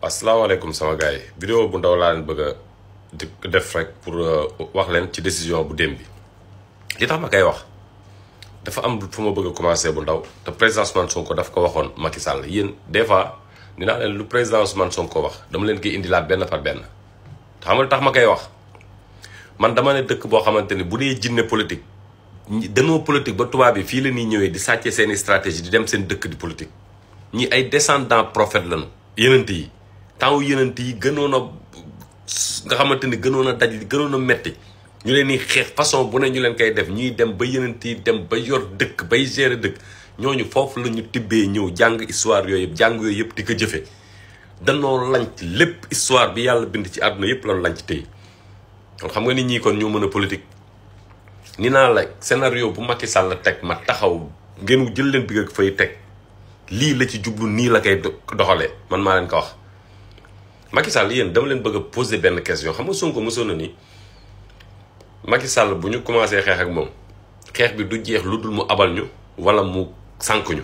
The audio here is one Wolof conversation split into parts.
Assalamualaikum sama video video bu ndaw pur leen bëgg def rek pour wax len ci décision bu Dembi. bi li tax ma kay wax dafa am fu ma bëgg commencer bu ndaw te président Ousmane Sonko daf ko waxoon Macky Sall yeen des fois ni naa leen lu président Ousmane Sonko wax dama ki indi la ben par ben tax ma kay wax man dama ne dekk bo xamanteni bu dey jinne politique danoo politique ba tuba bi fi la ni ñëwé di sàccee seeni stratégie di dem seen dekk di politique ñi ay descendant prophète lañu yenent yi taw yenent yi gënoon a nga xamante ni gënoon a daj gënoon metti ñu leen di xeex façon bu ne ñu leen kay def ñuy dem ba yeneen yi dem ba yor dëkk bay gérer dëkk ñooñu foofu la ñu tibbee ñëw jàng histoire yooyu yëpp jàng yooyu yëpp di ko jëfee danoo lanc lépp histoire bi yàlla bind ci àdduna yëpp lan lanc tey kon xam nga nit ñii kon ñoo mën a politique ni naa la scénario bu Macky sàll teg ma taxaw ngeen jël leen bi ak fay teg lii la ci jublu nii la koy doxalee man maa leen ko wax Macky Sall yéen dama leen bëgg a poser benn question xam nga Sonko mosoon na ni Macky Sall bu ñu commencé xeex ak moom xeex bi du jeex lu dul mu abal ñu wala mu sànk ñu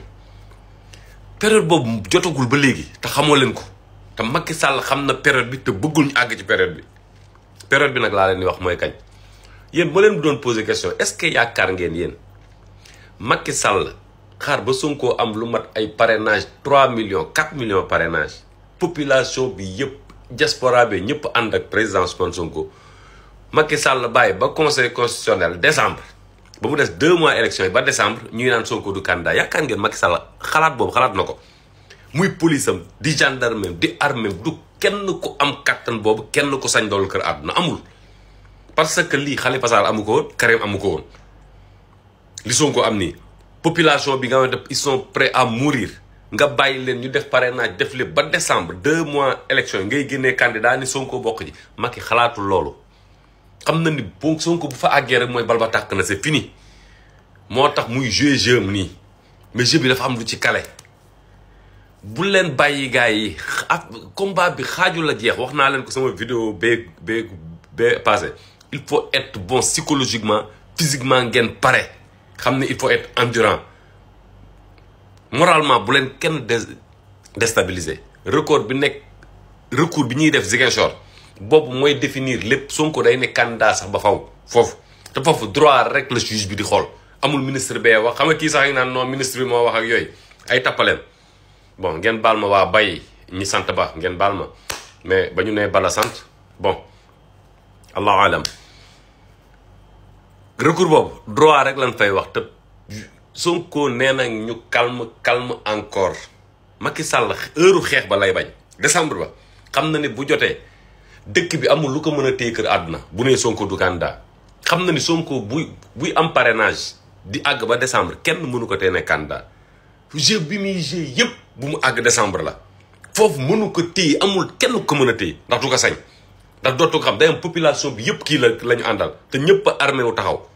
période boobu jotagul ba léegi te xamoo leen ko te Macky Sall xam na période bi te bëggul ñu àgg ci période bi période bi nag laa leen di wax mooy kañ yéen ma leen doon poser question est-ce que yaakaar ngeen yéen makki Sall xaar ba Sonko am lu mat ay parrainage 3 millions 4 millions parrainage population bi yëpp diaspora bi ñëpp ànd ak président Ousmane Sonko Macky Sall bàyyi ba conseil constitutionnel décembre ba mu des deux mois élection yi ba décembre ñuy naan Sonko du candidat yaakaar ngeen Macky Sall xalaat boobu xalaat na ko muy police di gendarme di armée am du kenn ku am kattan boobu kenn ko sañ doolu kër àdduna amul parce que lii Khalifa Sall amu ko woon Karim amu ko woon li Sonko am nii population bi nga xamante ils sont prêts à mourir nga bàyyi leen ñu def décembre deux mois élection ngay candidat ni Sonko bokk ji loolu ni bon Sonko bu fa rek bal na c'est fini moo muy jeu mais jeu dafa am lu ci kale bu leen combat bi la jeex wax naa ko sama vidéo bee bee il faut être bon psychologiquement physiquement ngeen pare il faut être endurant moralement bu len pas déstabiliser record bi nek recours bi ñi def définir les Sonko day ont candidat sax ba faw fofu te droit rek la juge bi di xol amul ministre be wax nga sax ministre bi wax ak bon bay ñi mais bon Allah alam recours Le droit rek lañ fay wax te Sonko nee na ñu kalm calme encore Macky Sall heure xeex ba lay bañ décembre ba xam na ni bu jotee dëkk bi amul lu ko mën a téye kër àdduna bu nee Sonko du candidat xam na ni Sonko buy buy am parrainage di àgg ba decembre kenn mënu ko tee ne candidat jeu bi muy jeu yëpp bu mu àgg decembre la foofu mënu ko téye amul kenn ko mën a téye ndax du ko sañ ndax dootu ko xam day am population bi yëpp kii la la ñu àndal te ñëpp a wu taxaw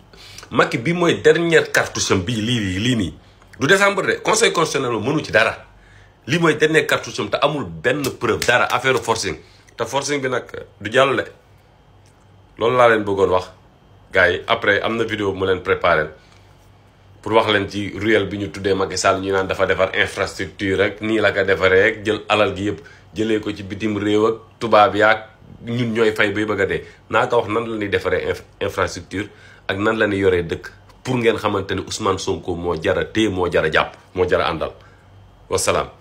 maki bi moy dernière cartouche bi li li lii lii du décembre de conseil constitutionnel mënu ci dara li moy dernière cartouche ta amul ben preuve dara affaire forcing ta forcing bi nak du jallu le lolou la len bëggoon wax gaay après amna vidéo mu len préparer pour wax len ci ruelle bi ñu tuddé Macky Sall ñu naan dafa défar infrastructure rek ni la ka defaree rek jël alal gi yépp jëlé ko ci bitim réew ak tubaab yaak ñun ñoy fay bay bëgg dé na wax nan la ni défaré infrastructure ak nan la ñuy yoree dëkk pour ngeen xamante ni Ousmane Sonko moo jara téye moo jara jàpp moo jara àndal wasalaam